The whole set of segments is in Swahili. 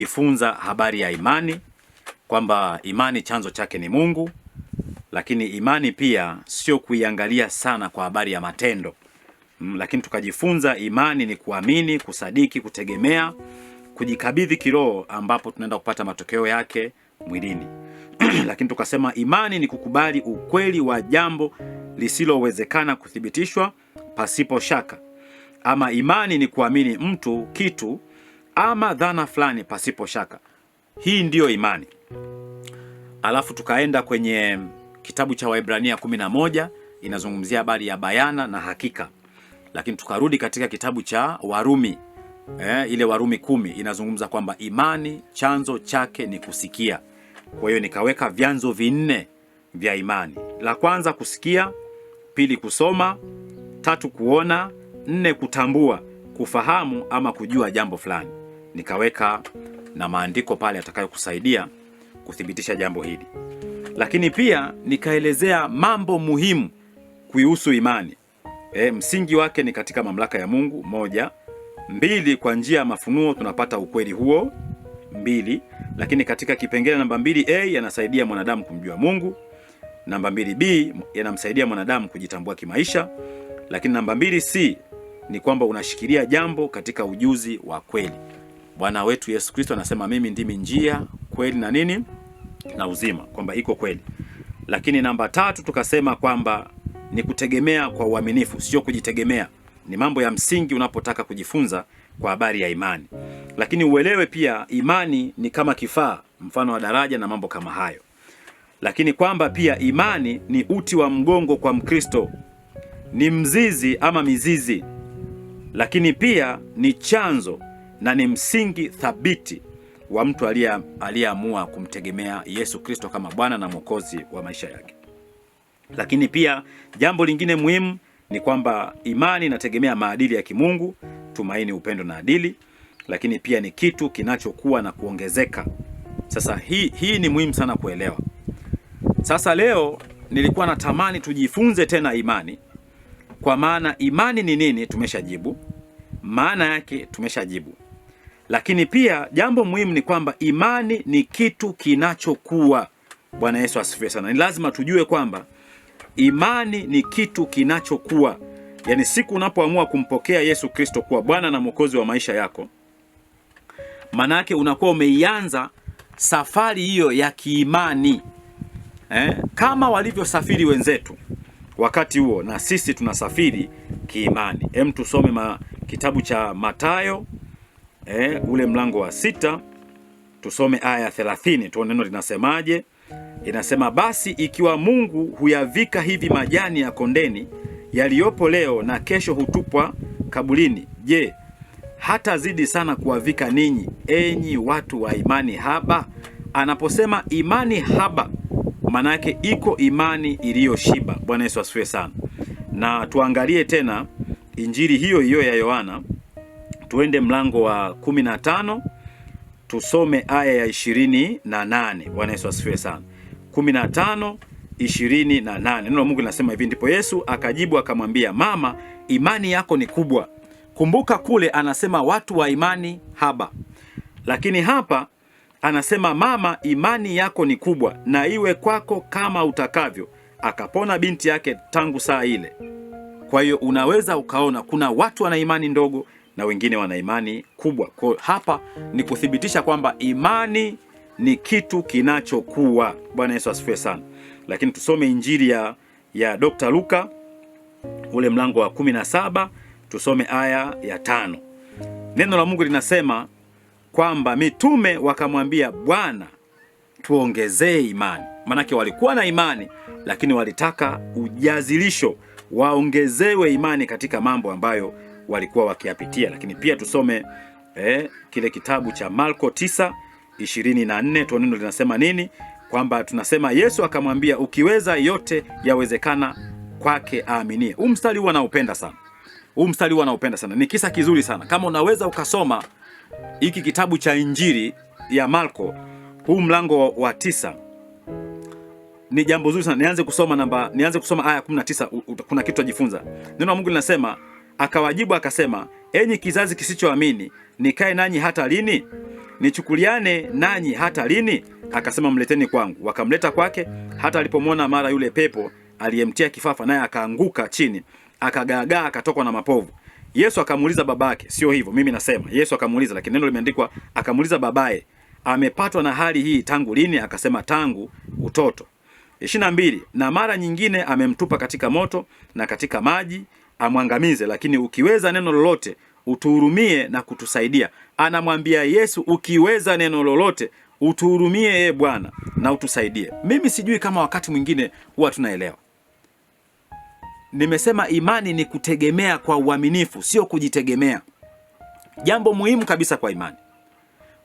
jifunza habari ya imani kwamba imani chanzo chake ni Mungu, lakini imani pia sio kuiangalia sana kwa habari ya matendo mm, lakini tukajifunza imani ni kuamini, kusadiki, kutegemea, kujikabidhi kiroho, ambapo tunaenda kupata matokeo yake mwilini lakini tukasema imani ni kukubali ukweli wa jambo lisilowezekana kuthibitishwa pasipo shaka, ama imani ni kuamini mtu, kitu ama dhana fulani pasipo shaka. Hii ndiyo imani. Alafu tukaenda kwenye kitabu cha Waibrania 11 inazungumzia habari ya bayana na hakika, lakini tukarudi katika kitabu cha Warumi eh, ile Warumi kumi inazungumza kwamba imani chanzo chake ni kusikia. Kwa hiyo nikaweka vyanzo vinne vya imani: la kwanza kusikia, pili kusoma, tatu kuona, nne kutambua, kufahamu ama kujua jambo fulani nikaweka na maandiko pale yatakayokusaidia kuthibitisha jambo hili, lakini pia nikaelezea mambo muhimu kuihusu imani. E, msingi wake ni katika mamlaka ya Mungu moja. Mbili, kwa njia ya mafunuo tunapata ukweli huo mbili. Lakini katika kipengele namba mbili a yanasaidia mwanadamu kumjua Mungu. Namba mbili b yanamsaidia mwanadamu kujitambua kimaisha. Lakini namba mbili c ni kwamba unashikilia jambo katika ujuzi wa kweli. Bwana wetu Yesu Kristo anasema mimi ndimi njia, kweli na nini na uzima, kwamba iko kweli. Lakini namba tatu tukasema kwamba ni kutegemea kwa uaminifu, sio kujitegemea. Ni mambo ya msingi unapotaka kujifunza kwa habari ya imani, lakini uelewe pia imani ni kama kifaa, mfano wa daraja na mambo kama hayo, lakini kwamba pia imani ni uti wa mgongo kwa Mkristo, ni mzizi ama mizizi, lakini pia ni chanzo na ni msingi thabiti wa mtu aliyeamua kumtegemea Yesu Kristo kama Bwana na Mwokozi wa maisha yake. Lakini pia jambo lingine muhimu ni kwamba imani inategemea maadili ya kimungu, tumaini, upendo na adili, lakini pia ni kitu kinachokuwa na kuongezeka. Sasa hii, hii ni muhimu sana kuelewa. Sasa leo nilikuwa natamani tujifunze tena imani, kwa maana imani ni nini tumeshajibu, maana yake tumeshajibu lakini pia jambo muhimu ni kwamba imani ni kitu kinachokuwa. Bwana Yesu asifiwe sana. Ni lazima tujue kwamba imani ni kitu kinachokuwa, yaani siku unapoamua kumpokea Yesu Kristo kuwa Bwana na Mwokozi wa maisha yako, manake unakuwa umeianza safari hiyo ya kiimani eh, kama walivyosafiri wenzetu wakati huo, na sisi tunasafiri kiimani. Hem, tusome ma, kitabu cha Mathayo eh, ule mlango wa sita tusome aya 30, tuone neno linasemaje. Inasema, basi ikiwa Mungu huyavika hivi majani ya kondeni yaliyopo leo na kesho hutupwa kabulini je, hatazidi sana kuwavika ninyi, enyi watu wa imani haba? Anaposema imani haba, maana yake iko imani iliyoshiba. Bwana Yesu asifiwe sana. Na tuangalie tena injili hiyo hiyo ya Yohana tuende mlango wa 15 tusome aya ya 28. na Bwana Yesu asifiwe sana. kumi na neno la Mungu linasema hivi: ndipo Yesu akajibu akamwambia, mama, imani yako ni kubwa. Kumbuka kule anasema watu wa imani haba, lakini hapa anasema mama, imani yako ni kubwa, na iwe kwako kama utakavyo. Akapona binti yake tangu saa ile. Kwa hiyo unaweza ukaona kuna watu wana imani ndogo na wengine wana imani kubwa. Kwa hapa ni kuthibitisha kwamba imani ni kitu kinachokuwa. Bwana Yesu asifiwe sana. Lakini tusome injili ya, ya Dr. Luka ule mlango wa 17 tusome aya ya tano. Neno la Mungu linasema kwamba mitume wakamwambia Bwana, tuongezee imani. Maanake walikuwa na imani, lakini walitaka ujazilisho, waongezewe imani katika mambo ambayo walikuwa wakiyapitia, lakini pia tusome eh, kile kitabu cha Marko 9:24 24 tuone neno linasema nini, kwamba tunasema Yesu akamwambia, ukiweza yote yawezekana kwake aaminie. Huu mstari huwa naupenda sana, huu mstari huwa naupenda sana, ni kisa kizuri sana. Kama unaweza ukasoma hiki kitabu cha Injili ya Marko huu mlango wa tisa ni jambo zuri sana. Nianze kusoma namba, nianze kusoma aya 19, kuna kitu ajifunza. Neno la Mungu linasema Akawajibu akasema, enyi kizazi kisichoamini, nikae nanyi hata lini? Nichukuliane nanyi hata lini? Akasema, mleteni kwangu. Wakamleta kwake. Hata alipomwona mara yule pepo aliyemtia kifafa, naye akaanguka chini, akagaagaa, akatokwa na mapovu. Yesu akamuuliza babake, sio hivyo mimi nasema. Yesu akamuuliza, lakini neno limeandikwa, akamuuliza babaye, amepatwa na hali hii tangu lini? Akasema, tangu utoto. ishirini Na mara nyingine amemtupa katika moto na katika maji, amwangamize, lakini ukiweza neno lolote utuhurumie na kutusaidia. Anamwambia Yesu, ukiweza neno lolote utuhurumie, e Bwana, na utusaidie. Mimi sijui kama wakati mwingine huwa tunaelewa. Nimesema imani ni kutegemea kwa uaminifu, sio kujitegemea. Jambo muhimu kabisa kwa imani,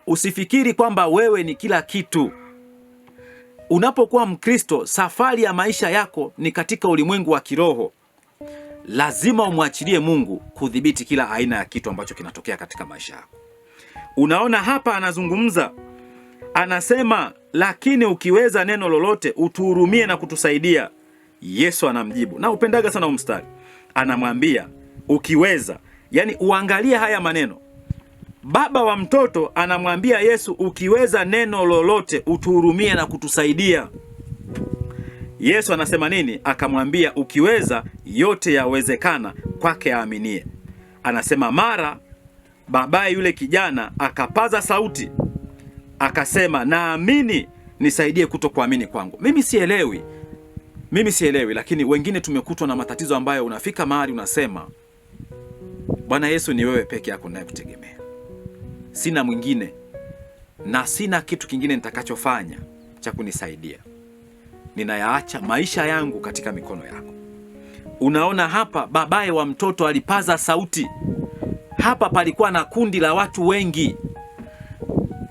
usifikiri kwamba wewe ni kila kitu. Unapokuwa Mkristo, safari ya maisha yako ni katika ulimwengu wa kiroho lazima umwachilie Mungu kudhibiti kila aina ya kitu ambacho kinatokea katika maisha yako. Unaona hapa anazungumza, anasema lakini ukiweza neno lolote utuhurumie na kutusaidia. Yesu anamjibu na upendaga sana umstari, anamwambia ukiweza, yani uangalie haya maneno. Baba wa mtoto anamwambia Yesu, ukiweza neno lolote utuhurumie na kutusaidia. Yesu anasema nini? Akamwambia, ukiweza yote yawezekana kwake aaminie. Anasema mara babaye yule kijana akapaza sauti akasema, naamini, nisaidie kuto kuamini kwangu. Mimi sielewi, mimi sielewi, lakini wengine tumekutwa na matatizo ambayo unafika mahali unasema, Bwana Yesu, ni wewe peke yako naye kutegemea, sina mwingine na sina kitu kingine nitakachofanya cha kunisaidia ninayaacha maisha yangu katika mikono yako. Unaona, hapa babaye wa mtoto alipaza sauti. Hapa palikuwa na kundi la watu wengi.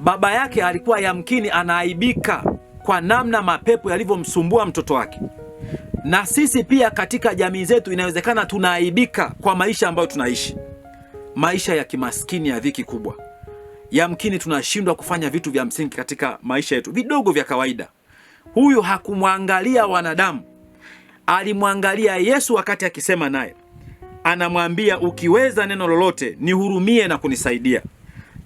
Baba yake alikuwa yamkini anaaibika kwa namna mapepo yalivyomsumbua mtoto wake, na sisi pia katika jamii zetu inawezekana tunaaibika kwa maisha ambayo tunaishi, maisha ya kimaskini ya dhiki kubwa. Yamkini tunashindwa kufanya vitu vya msingi katika maisha yetu, vidogo vya kawaida huyu hakumwangalia wanadamu, alimwangalia Yesu wakati akisema naye, anamwambia ukiweza neno lolote nihurumie na kunisaidia.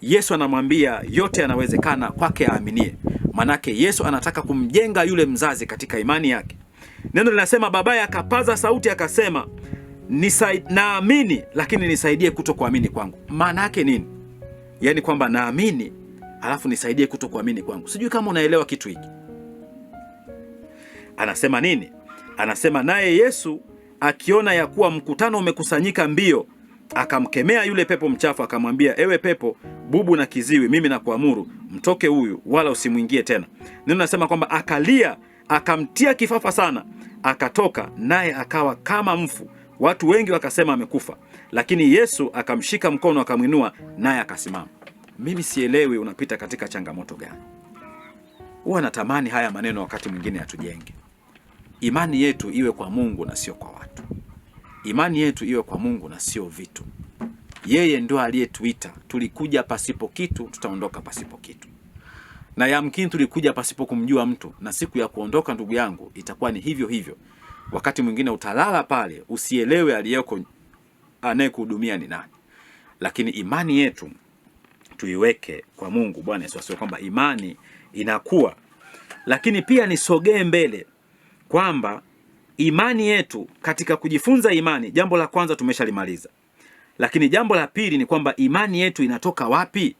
Yesu anamwambia yote yanawezekana kwake aaminie. Manake Yesu anataka kumjenga yule mzazi katika imani yake. Neno linasema babaye akapaza sauti akasema, naamini lakini nisaidie kuto kuamini kwangu. Maana yake nini? Yaani kwamba naamini alafu nisaidie kuto kuamini kwangu. Sijui kama unaelewa kitu hiki. Anasema nini? Anasema naye Yesu akiona ya kuwa mkutano umekusanyika mbio, akamkemea yule pepo mchafu, akamwambia, ewe pepo bubu na kiziwi, mimi nakuamuru mtoke huyu, wala usimwingie tena. Neno nasema kwamba akalia, akamtia kifafa sana, akatoka naye akawa kama mfu. Watu wengi wakasema amekufa, lakini Yesu akamshika mkono, akamwinua naye akasimama. Mimi sielewi unapita katika changamoto gani. Huwa natamani haya maneno wakati mwingine yatujenge. Imani yetu iwe kwa Mungu na sio kwa watu. Imani yetu iwe kwa Mungu na sio vitu. Yeye ndo aliyetuita, tulikuja pasipo kitu, tutaondoka pasipo kitu, na yamkini tulikuja pasipo kumjua mtu, na siku ya kuondoka, ndugu yangu, itakuwa ni hivyo hivyo. Wakati mwingine utalala pale, usielewe aliyeko anayekuhudumia ni nani, lakini imani yetu tuiweke kwa Mungu. Bwana Yesu asiwe kwamba imani inakuwa, lakini pia nisogee mbele kwamba imani yetu katika kujifunza imani, jambo la kwanza tumeshalimaliza, lakini jambo la pili ni kwamba imani yetu inatoka wapi?